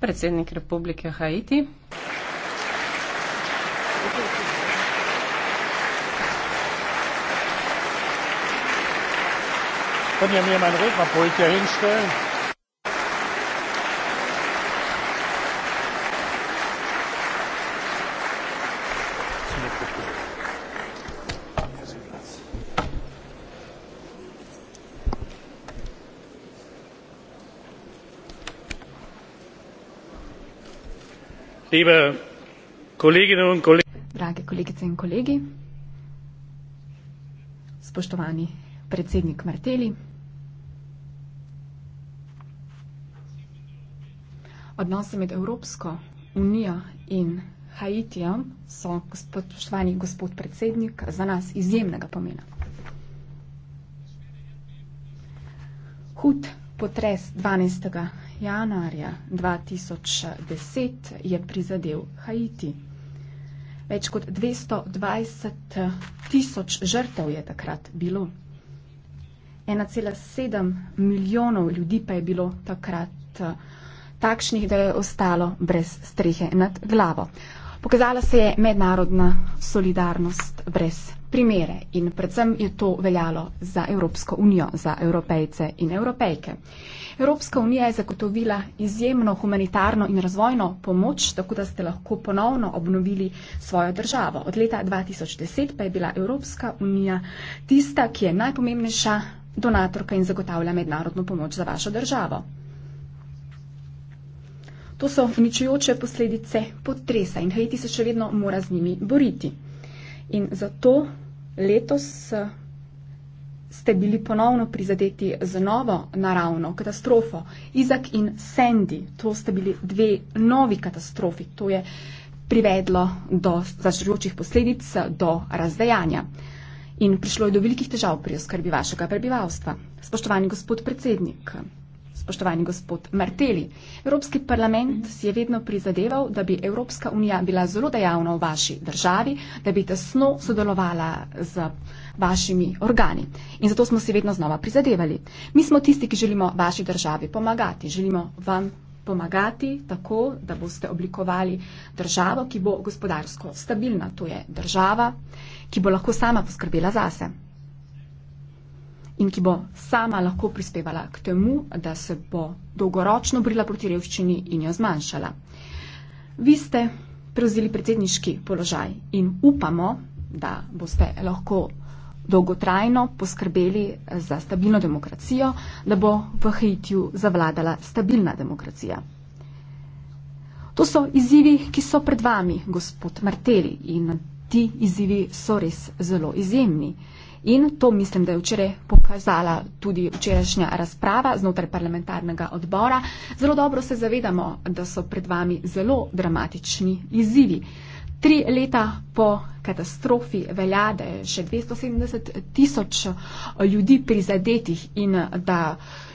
Predsednik republike Haiti. Könnt ihr mir meinen Rednerpult hier hinstellen? liebe Kolleginnen und Kollegen. Drage kolegice in kolegi, spoštovani predsednik Marteli, odnose med Evropsko unijo in Haitijem so, spoštovani gospod predsednik, za nas izjemnega pomena. Hud potres dvanajstega januarja 2010 je prizadel Haiti. Več kot 220 tisoč žrtev je takrat bilo. 1,7 milijonov ljudi pa je bilo takrat takšnih, da je ostalo brez strehe nad glavo. Pokazala se je mednarodna solidarnost brez primere in predvsem je to veljalo za Evropsko unijo, za evropejce in evropejke. Evropska unija je zagotovila izjemno humanitarno in razvojno pomoč, tako da ste lahko ponovno obnovili svojo državo. Od leta 2010 pa je bila Evropska unija tista, ki je najpomembnejša donatorka in zagotavlja mednarodno pomoč za vašo državo. To so uničujoče posledice potresa in Haiti se še vedno mora z njimi boriti. In zato letos eh, ste bili ponovno prizadeti z novo naravno katastrofo. Izak in Sandy, to sta bili dve novi katastrofi. To je privedlo do zažrljočih posledic, do razdejanja. In prišlo je do velikih težav pri oskrbi vašega prebivalstva. Spoštovani gospod predsednik spoštovani gospod Marteli. Evropski parlament si je vedno prizadeval, da bi Evropska unija bila zelo dejavna v vaši državi, da bi tesno sodelovala z vašimi organi. In zato smo si vedno znova prizadevali. Mi smo tisti, ki želimo vaši državi pomagati. Želimo vam pomagati tako, da boste oblikovali državo, ki bo gospodarsko stabilna. To je država, ki bo lahko sama poskrbela zase in ki bo sama lahko prispevala k temu, da se bo dolgoročno brila proti revščini in jo zmanjšala. Vi ste prevzeli predsedniški položaj in upamo, da boste lahko dolgotrajno poskrbeli za stabilno demokracijo, da bo v Haitiju zavladala stabilna demokracija. To so izzivi, ki so pred vami, gospod Marteli, in ti izzivi so res zelo izjemni. In to mislim, da je včeraj pokazala tudi včerajšnja razprava znotraj parlamentarnega odbora. Zelo dobro se zavedamo, da so pred vami zelo dramatični izzivi. Tri leta po katastrofi velja, da je še 270 tisoč eh, ljudi prizadetih in da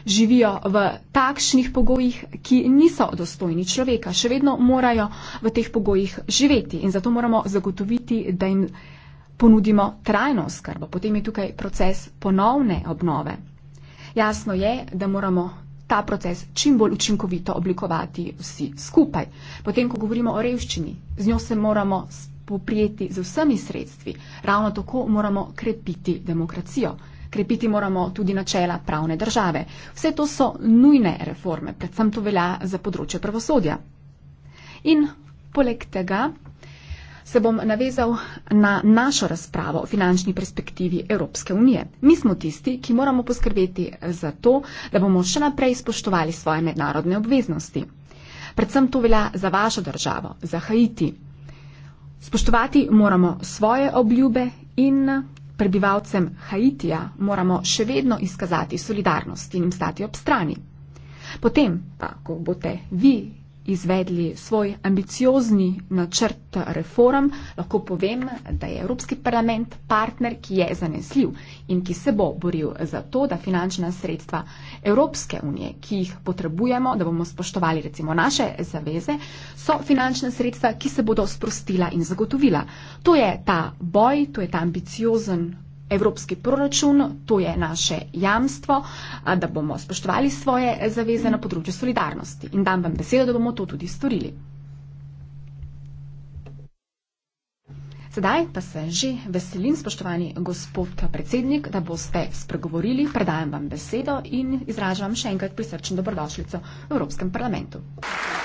živijo v takšnih pogojih, ki niso dostojni človeka. Še vedno morajo v teh pogojih živeti in zato moramo zagotoviti, da jim ponudimo trajno oskrbo, potem je tukaj proces ponovne obnove. Jasno je, da moramo ta proces čim bolj učinkovito oblikovati vsi skupaj. Potem, ko govorimo o revščini, z njo se moramo poprijeti z vsemi sredstvi. Ravno tako moramo krepiti demokracijo. Krepiti moramo tudi načela pravne države. Vse to so nujne reforme, predvsem to velja za področje pravosodja. In poleg tega se bom navezal na našo razpravo o finančni perspektivi Evropske unije. Mi smo tisti, ki moramo poskrbeti za to, da bomo še naprej spoštovali svoje mednarodne obveznosti. Predvsem to velja za vašo državo, za Haiti. Spoštovati moramo svoje obljube in prebivalcem Haitija moramo še vedno izkazati solidarnost in jim stati ob strani. Potem pa, ko boste vi izvedli svoj ambiciozni načrt reform, lahko povem, da je Evropski parlament partner, ki je zanesljiv in ki se bo boril za to, da finančna sredstva Evropske unije, ki jih potrebujemo, da bomo spoštovali recimo naše zaveze, so finančna sredstva, ki se bodo sprostila in zagotovila. To je ta boj, to je ta ambiciozen evropski proračun, to je naše jamstvo, da bomo spoštovali svoje zaveze na področju solidarnosti. In dam vam besedo, da bomo to tudi storili. Sedaj pa se že veselim, spoštovani gospod predsednik, da boste spregovorili. Predajam vam besedo in izražam še enkrat prisrčen dobrodošljico v Evropskem parlamentu. Hvala.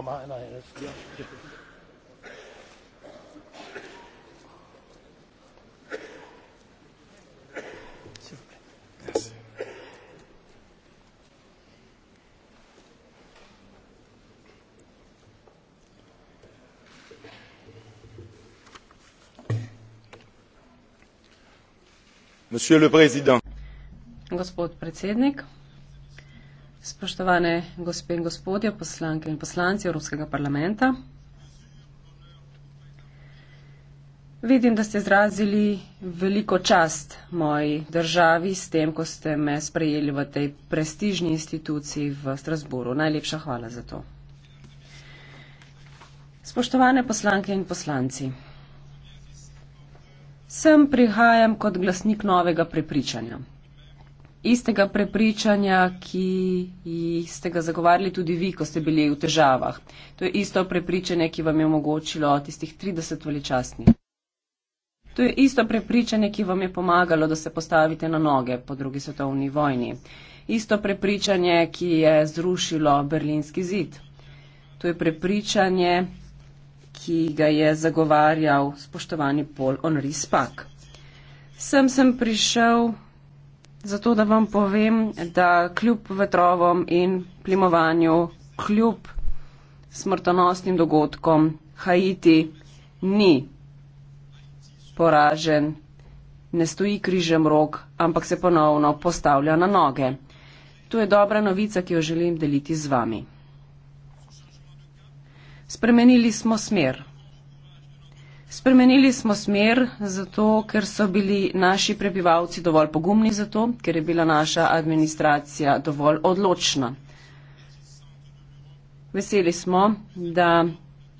auch mal einer helfen. Ja. Gospod predsednik, Spoštovane gospe in gospodje, poslanke in poslanci Evropskega parlamenta. Vidim, da ste izrazili veliko čast moji državi s tem, ko ste me sprejeli v tej prestižni instituciji v Strasburu. Najlepša hvala za to. Spoštovane poslanke in poslanci, sem prihajam kot glasnik novega prepričanja istega prepričanja, ki ste ga zagovarjali tudi vi, ko ste bili v težavah. To je isto prepričanje, ki vam je omogočilo tistih 30 veličastnih. To je isto prepričanje, ki vam je pomagalo, da se postavite na noge po drugi svetovni vojni. Isto prepričanje, ki je zrušilo berlinski zid. To je prepričanje, ki ga je zagovarjal spoštovani Paul Henri Spak. Sem sem prišel Zato, da vam povem, da kljub vetrovom in plimovanju, kljub smrtonosnim dogodkom, Haiti ni poražen, ne stoji križem rok, ampak se ponovno postavlja na noge. To je dobra novica, ki jo želim deliti z vami. Spremenili smo smer. Spremenili smo smer zato, ker so bili naši prebivalci dovolj pogumni za to, ker je bila naša administracija dovolj odločna. Veseli smo, da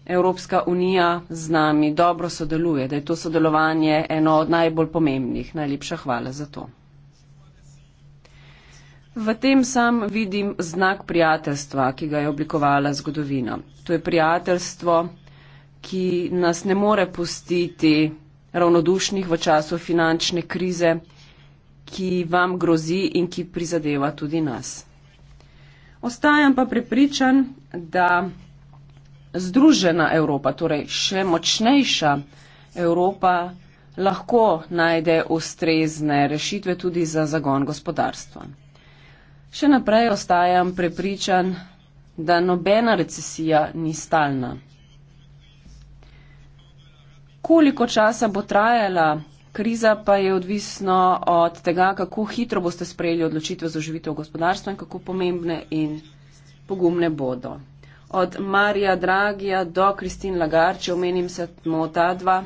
Evropska unija z nami dobro sodeluje, da je to sodelovanje eno od najbolj pomembnih. Najlepša hvala za to. V tem sam vidim znak prijateljstva, ki ga je oblikovala zgodovina. To je prijateljstvo ki nas ne more pustiti ravnodušnih v času finančne krize, ki vam grozi in ki prizadeva tudi nas. Ostajam pa prepričan, da združena Evropa, torej še močnejša Evropa, lahko najde ustrezne rešitve tudi za zagon gospodarstva. Še naprej ostajam prepričan, da nobena recesija ni stalna. Koliko časa bo trajala kriza, pa je odvisno od tega, kako hitro boste sprejeli odločitve za oživitev gospodarstva in kako pomembne in pogumne bodo. Od Marija Dragija do Kristin Lagarče, omenim se, smo ta dva.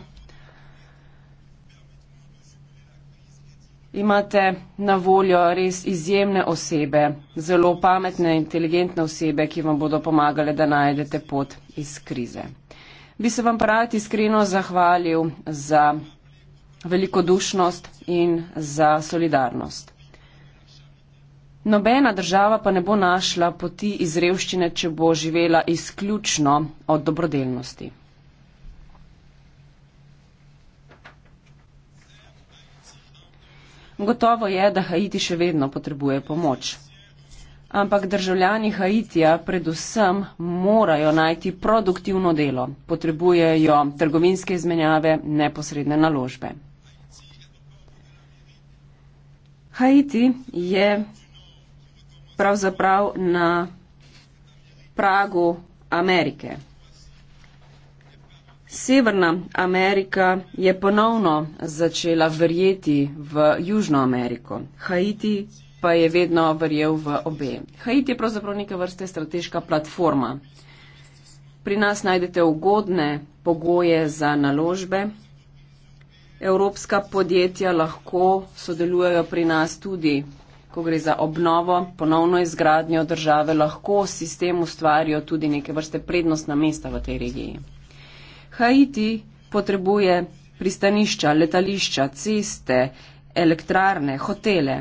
Imate na voljo res izjemne osebe, zelo pametne, inteligentne osebe, ki vam bodo pomagale, da najdete pot iz krize bi se vam pa rad iskreno zahvalil za velikodušnost in za solidarnost. Nobena država pa ne bo našla poti iz revščine, če bo živela izključno od dobrodelnosti. Gotovo je, da Haiti še vedno potrebuje pomoč. Ampak državljani Haitija predvsem morajo najti produktivno delo. Potrebujejo trgovinske izmenjave, neposredne naložbe. Haiti je pravzaprav na pragu Amerike. Severna Amerika je ponovno začela verjeti v Južno Ameriko. Haiti pa je vedno verjel v obe. Haiti je pravzaprav neka vrste strateška platforma. Pri nas najdete ugodne pogoje za naložbe. Evropska podjetja lahko sodelujejo pri nas tudi, ko gre za obnovo, ponovno izgradnjo države, lahko sistem ustvarijo tudi neke vrste prednostna mesta v tej regiji. Haiti potrebuje pristanišča, letališča, ceste, elektrarne, hotele.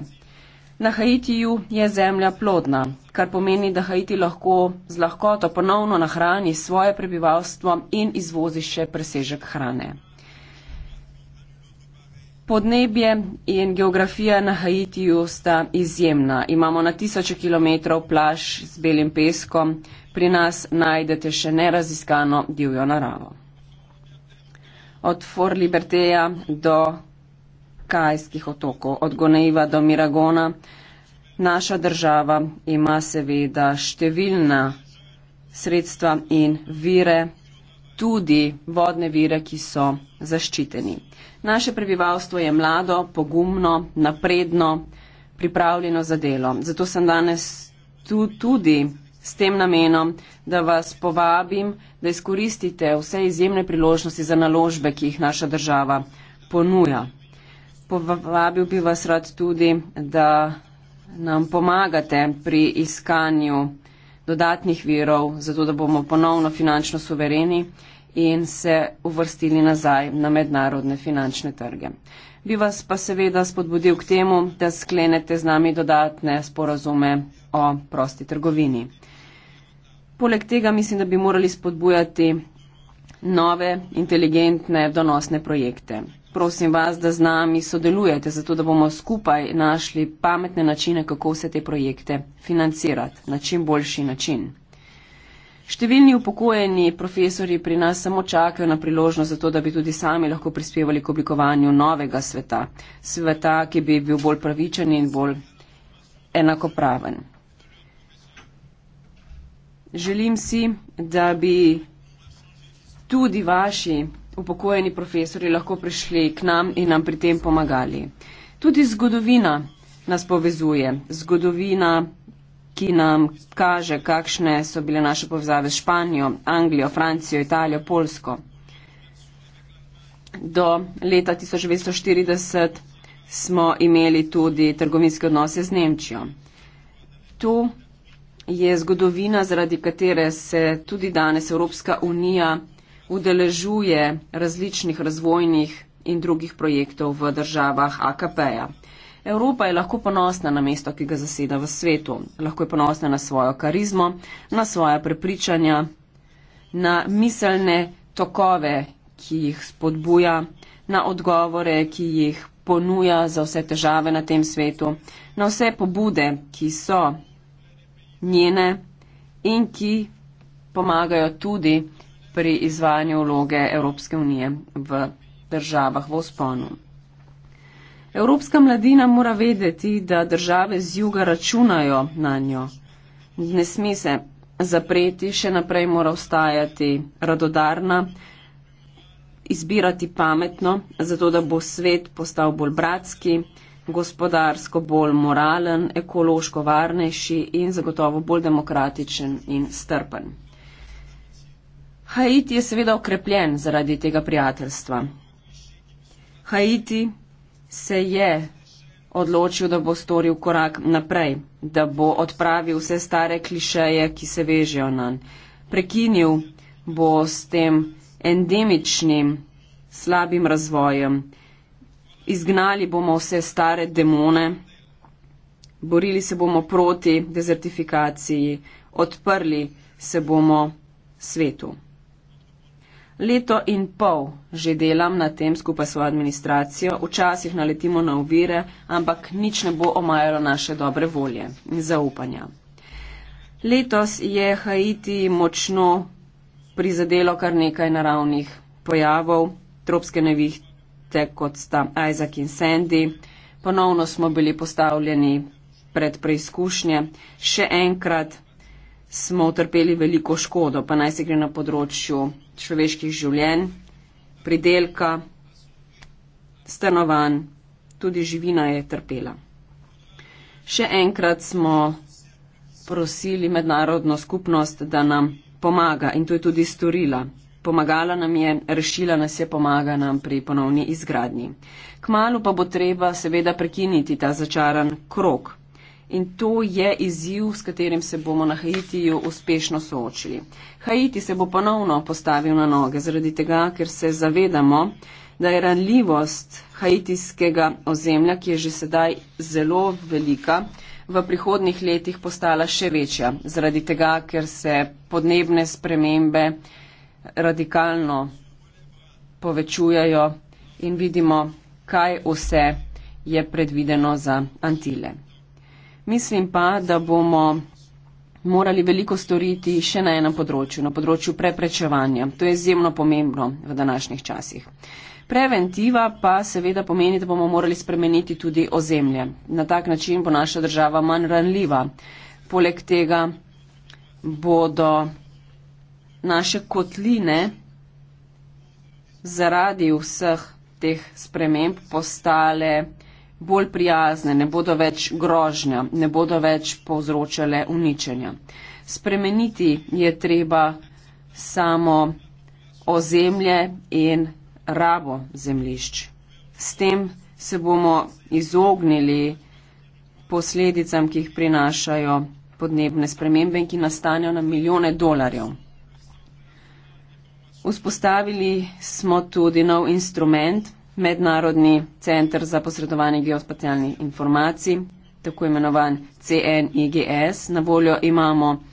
Na Haitiju je zemlja plodna, kar pomeni, da Haiti lahko z lahkoto ponovno nahrani svoje prebivalstvo in izvozi še presežek hrane. Podnebje in geografija na Haitiju sta izjemna. Imamo na tisoče kilometrov plaž z belim peskom, pri nas najdete še neraziskano divjo naravo. Od For Liberteja do Kajskih otokov, od Gonejva do Miragona. Naša država ima seveda številna sredstva in vire, tudi vodne vire, ki so zaščiteni. Naše prebivalstvo je mlado, pogumno, napredno, pripravljeno za delo. Zato sem danes tu tudi s tem namenom, da vas povabim, da izkoristite vse izjemne priložnosti za naložbe, ki jih naša država ponuja povabil bi vas rad tudi, da nam pomagate pri iskanju dodatnih virov, zato da bomo ponovno finančno suvereni in se uvrstili nazaj na mednarodne finančne trge. Bi vas pa seveda spodbudil k temu, da sklenete z nami dodatne sporazume o prosti trgovini. Poleg tega mislim, da bi morali spodbujati nove, inteligentne, donosne projekte prosim vas, da z nami sodelujete, zato da bomo skupaj našli pametne načine, kako vse te projekte financirati na čim boljši način. Številni upokojeni profesori pri nas samo čakajo na priložnost za to, da bi tudi sami lahko prispevali k oblikovanju novega sveta, sveta, ki bi bil bolj pravičen in bolj enakopraven. Želim si, da bi tudi vaši upokojeni profesori lahko prišli k nam in nam pri tem pomagali. Tudi zgodovina nas povezuje. Zgodovina, ki nam kaže, kakšne so bile naše povezave s Španijo, Anglijo, Francijo, Italijo, Polsko. Do leta 1940 smo imeli tudi trgovinske odnose z Nemčijo. Tu je zgodovina, zaradi katere se tudi danes Evropska unija udeležuje različnih razvojnih in drugih projektov v državah AKP-ja. Evropa je lahko ponosna na mesto, ki ga zaseda v svetu. Lahko je ponosna na svojo karizmo, na svoje prepričanja, na miselne tokove, ki jih spodbuja, na odgovore, ki jih ponuja za vse težave na tem svetu, na vse pobude, ki so njene in ki pomagajo tudi pri izvajanju vloge Evropske unije v državah v osponu. Evropska mladina mora vedeti, da države z juga računajo na njo. Ne sme se zapreti, še naprej mora ostajati radodarna, izbirati pametno, zato da bo svet postal bolj bratski, gospodarsko bolj moralen, ekološko varnejši in zagotovo bolj demokratičen in strpen. Haiti je seveda okrepljen zaradi tega prijateljstva. Haiti se je odločil, da bo storil korak naprej, da bo odpravil vse stare klišeje, ki se vežejo na nj. Prekinil bo s tem endemičnim slabim razvojem. Izgnali bomo vse stare demone, borili se bomo proti dezertifikaciji, odprli se bomo svetu. Leto in pol že delam na tem skupaj s svojo administracijo, včasih naletimo na uvire, ampak nič ne bo omajalo naše dobre volje in zaupanja. Letos je Haiti močno prizadelo kar nekaj naravnih pojavov, tropske nevihte kot sta Isaac in Sandy, ponovno smo bili postavljeni pred preizkušnje, še enkrat smo utrpeli veliko škodo, pa naj se gre na področju človeških življenj, pridelka, stanovanj, tudi živina je trpela. Še enkrat smo prosili mednarodno skupnost, da nam pomaga in to je tudi storila. Pomagala nam je, rešila nas je, pomaga nam pri ponovni izgradnji. Kmalo pa bo treba seveda prekiniti ta začaran krok. In to je izziv, s katerim se bomo na Haitiju uspešno soočili. Haiti se bo ponovno postavil na noge zaradi tega, ker se zavedamo, da je ranljivost haitijskega ozemlja, ki je že sedaj zelo velika, v prihodnih letih postala še večja, zaradi tega, ker se podnebne spremembe radikalno povečujajo in vidimo, kaj vse je predvideno za Antile. Mislim pa, da bomo morali veliko storiti še na enem področju, na področju preprečevanja. To je izjemno pomembno v današnjih časih. Preventiva pa seveda pomeni, da bomo morali spremeniti tudi ozemlje. Na tak način bo naša država manj ranljiva. Poleg tega bodo naše kotline zaradi vseh teh sprememb postale bolj prijazne, ne bodo več grožnja, ne bodo več povzročale uničenja. Spremeniti je treba samo ozemlje in rabo zemlišč. S tem se bomo izognili posledicam, ki jih prinašajo podnebne spremembe in ki nastanejo na milijone dolarjev. Vzpostavili smo tudi nov instrument, Mednarodni center za posredovanje geospacijalnih informacij, tako imenovan CNIGS. Na voljo imamo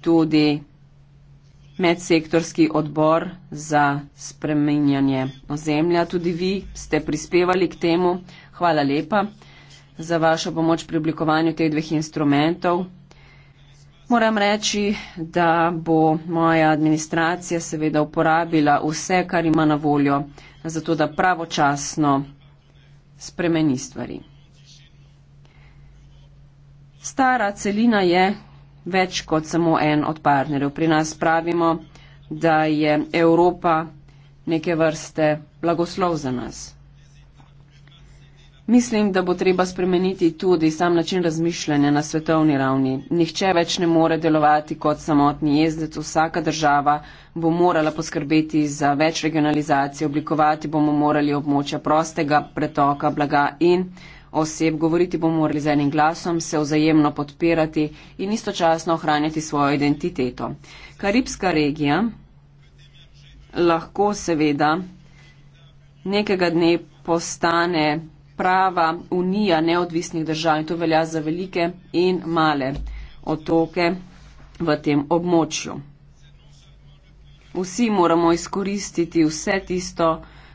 tudi medsektorski odbor za spremenjanje ozemlja. Tudi vi ste prispevali k temu. Hvala lepa za vašo pomoč pri oblikovanju teh dveh instrumentov. Moram reči, da bo moja administracija seveda uporabila vse, kar ima na voljo zato da pravočasno spremeni stvari. Stara celina je več kot samo en od partnerjev. Pri nas pravimo, da je Evropa neke vrste blagoslov za nas. Mislim, da bo treba spremeniti tudi sam način razmišljanja na svetovni ravni. Nihče več ne more delovati kot samotni jezdec. Vsaka država bo morala poskrbeti za več regionalizacije, oblikovati bomo morali območja prostega pretoka blaga in oseb, govoriti bomo morali z enim glasom, se vzajemno podpirati in istočasno ohranjati svojo identiteto. Karibska regija lahko seveda nekega dne postane prava unija neodvisnih držav in to velja za velike in male otoke v tem območju. Vsi moramo izkoristiti vse tisto,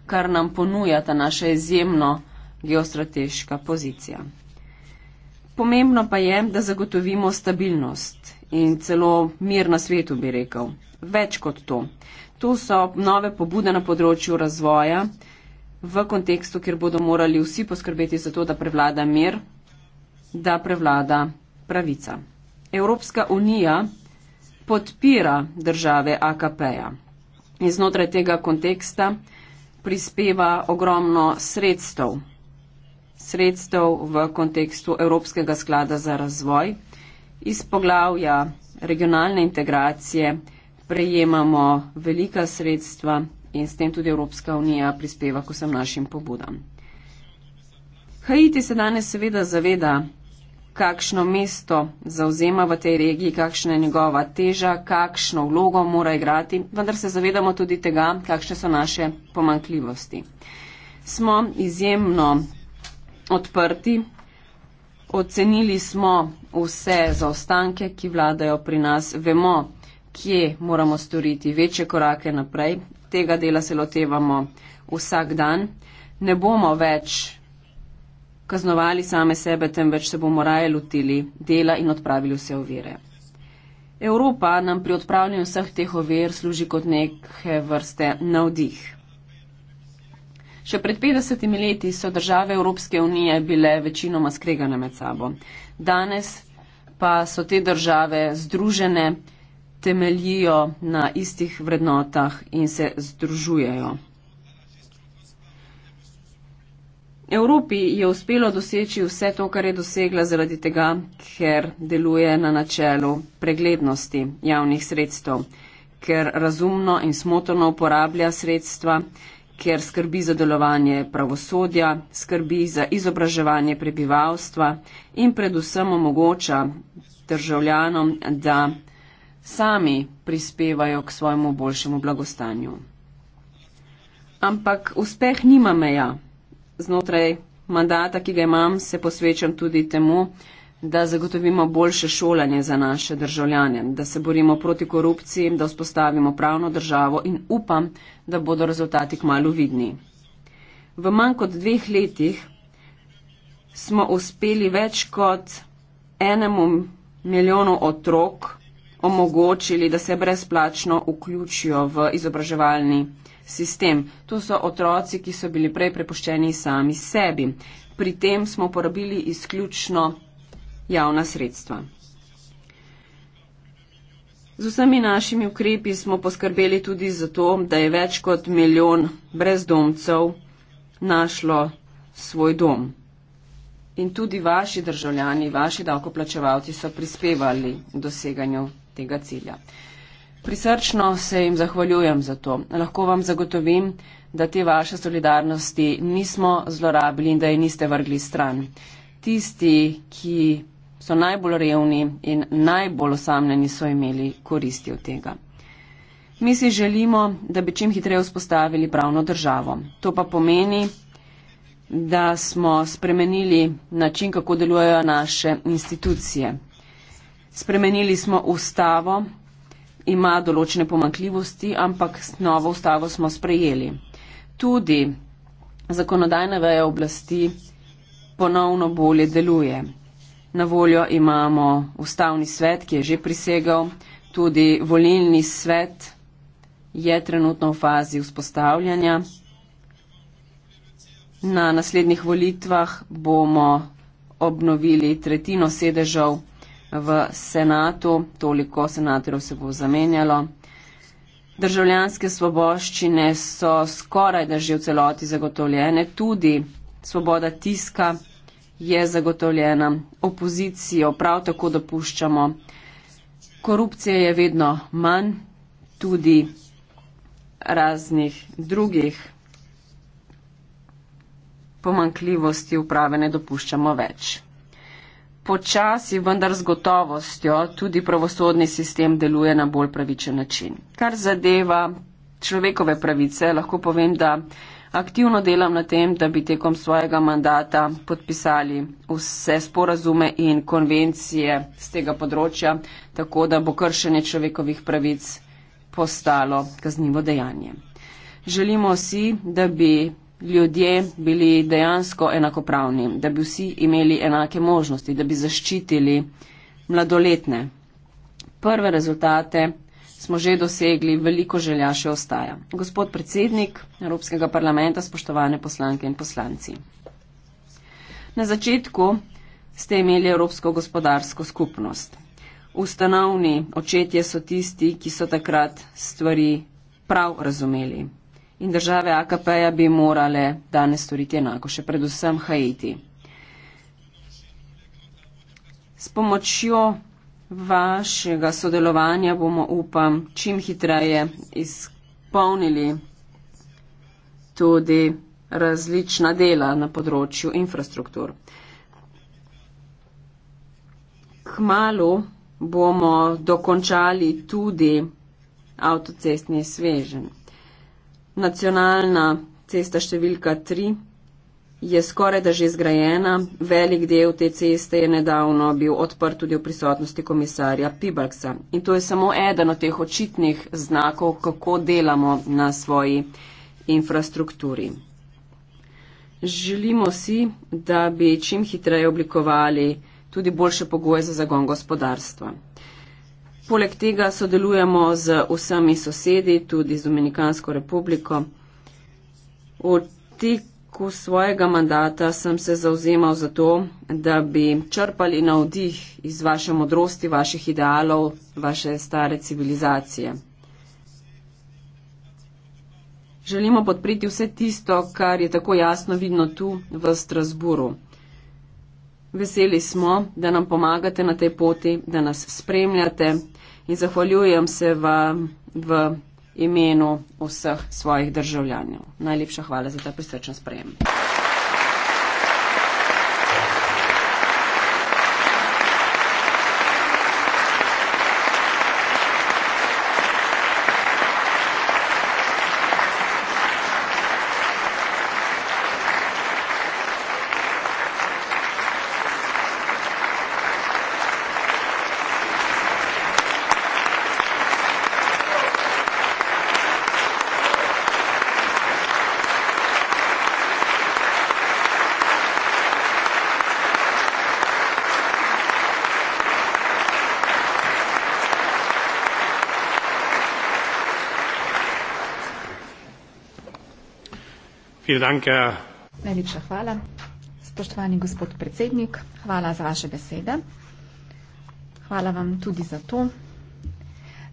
kar nam ponuja ta naša izjemno geostrateška pozicija. Pomembno pa je, da zagotovimo stabilnost in celo mir na svetu, bi rekel. Več kot to. Tu so nove pobude na področju razvoja, v kontekstu, kjer bodo morali vsi poskrbeti za to, da prevlada mir, da prevlada pravica. Evropska unija podpira države AKP-ja in znotraj tega konteksta prispeva ogromno sredstev, sredstev v kontekstu Evropskega sklada za razvoj. Iz poglavja regionalne integracije prejemamo velika sredstva in s tem tudi Evropska unija prispeva k vsem našim pobudam. Haiti se danes seveda zaveda, kakšno mesto zauzema v tej regiji, kakšna je njegova teža, kakšno vlogo mora igrati, vendar se zavedamo tudi tega, kakšne so naše pomankljivosti. Smo izjemno odprti, ocenili smo vse zaostanke, ki vladajo pri nas, vemo, kje moramo storiti večje korake naprej tega dela se lotevamo vsak dan. Ne bomo več kaznovali same sebe, temveč se bomo raje lotili dela in odpravili vse ovire. Evropa nam pri odpravljanju vseh teh ovir služi kot neke vrste navdih. Še pred 50 leti so države Evropske unije bile večinoma skregane med sabo. Danes pa so te države združene temeljijo na istih vrednotah in se združujejo. Evropi je uspelo doseči vse to, kar je dosegla zaradi tega, ker deluje na načelu preglednosti javnih sredstev, ker razumno in smotrno uporablja sredstva, ker skrbi za delovanje pravosodja, skrbi za izobraževanje prebivalstva in predvsem omogoča državljanom, da sami prispevajo k svojemu boljšemu blagostanju. Ampak uspeh nima meja. Znotraj mandata, ki ga imam, se posvečam tudi temu, da zagotovimo boljše šolanje za naše državljane, da se borimo proti korupciji, da vzpostavimo pravno državo in upam, da bodo rezultati kmalo vidni. V manj kot dveh letih smo uspeli več kot enemu milijonu otrok omogočili, da se brezplačno vključijo v izobraževalni sistem. To so otroci, ki so bili prej prepuščeni sami sebi. Pri tem smo uporabili izključno javna sredstva. Z vsemi našimi ukrepi smo poskrbeli tudi za to, da je več kot milijon brezdomcev našlo svoj dom. In tudi vaši državljani, vaši davkoplačevalci so prispevali k doseganju tega cilja. Prisrčno se jim zahvaljujem za to. Lahko vam zagotovim, da te vaše solidarnosti nismo zlorabili in da je niste vrgli stran. Tisti, ki so najbolj revni in najbolj osamljeni, so imeli koristi od tega. Mi si želimo, da bi čim hitreje vzpostavili pravno državo. To pa pomeni, da smo spremenili način, kako delujejo naše institucije, Spremenili smo ustavo, ima določene pomankljivosti, ampak novo ustavo smo sprejeli. Tudi zakonodajna veja oblasti ponovno bolje deluje. Na voljo imamo ustavni svet, ki je že prisegal, tudi volilni svet je trenutno v fazi vzpostavljanja. Na naslednjih volitvah bomo obnovili tretjino sedežev v senatu, toliko senatorjev se bo zamenjalo. Državljanske svoboščine so skoraj da že v celoti zagotovljene, tudi svoboda tiska je zagotovljena, opozicijo prav tako dopuščamo, korupcije je vedno manj, tudi raznih drugih pomankljivosti uprave ne dopuščamo več počasi, vendar z gotovostjo, tudi pravosodni sistem deluje na bolj pravičen način. Kar zadeva človekove pravice, lahko povem, da aktivno delam na tem, da bi tekom svojega mandata podpisali vse sporazume in konvencije z tega področja, tako da bo kršenje človekovih pravic postalo kaznivo dejanje. Želimo si, da bi ljudje bili dejansko enakopravni, da bi vsi imeli enake možnosti, da bi zaščitili mladoletne. Prve rezultate smo že dosegli, veliko želja še ostaja. Gospod predsednik Evropskega parlamenta, spoštovane poslanke in poslanci. Na začetku ste imeli Evropsko gospodarsko skupnost. Ustanovni očetje so tisti, ki so takrat stvari prav razumeli in države AKP-ja bi morale danes storiti enako, še predvsem Haiti. S pomočjo vašega sodelovanja bomo, upam, čim hitreje izpolnili tudi različna dela na področju infrastruktur. Kmalo bomo dokončali tudi avtocestni sveženj. Nacionalna cesta številka 3 je skoraj da že zgrajena. Velik del te ceste je nedavno bil odprt tudi v prisotnosti komisarja Pibalksa. In to je samo eden od teh očitnih znakov, kako delamo na svoji infrastrukturi. Želimo si, da bi čim hitreje oblikovali tudi boljše pogoje za zagon gospodarstva poleg tega sodelujemo z vsemi sosedi, tudi z Dominikansko republiko. V teku svojega mandata sem se zauzemal za to, da bi črpali navdih iz vaše modrosti, vaših idealov, vaše stare civilizacije. Želimo podpriti vse tisto, kar je tako jasno vidno tu v Strasburu. Veseli smo, da nam pomagate na tej poti, da nas spremljate, in zahvaljujem se vam v imenu vseh svojih državljanov. Najlepša hvala za ta prisrčen sprejem. Danke. Najlepša hvala. Spoštovani gospod predsednik, hvala za vaše besede. Hvala vam tudi za to,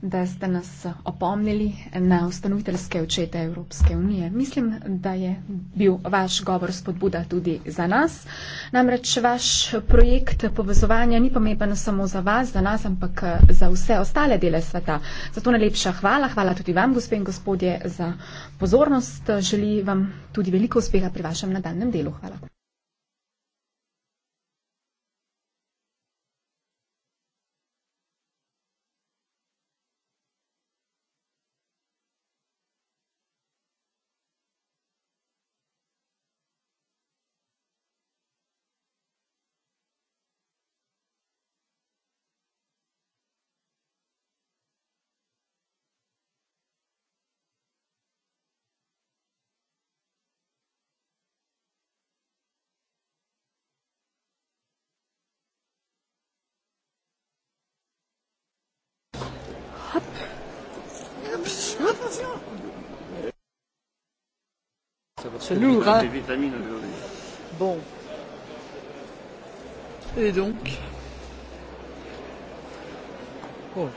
da ste nas opomnili na ustanoviteljske očete Evropske unije. Mislim, da je bil vaš govor spodbuda tudi za nas. Namreč vaš projekt povezovanja ni pomemben samo za vas, za nas, ampak eh, za vse ostale dele sveta. Zato najlepša hvala. Hvala tudi vam, gospe in gospodje, za pozornost. Želim vam tudi veliko uspeha pri vašem nadaljem delu. Hvala. l'exploitation. C'est lourd, hein. Bon. Et donc. Oh.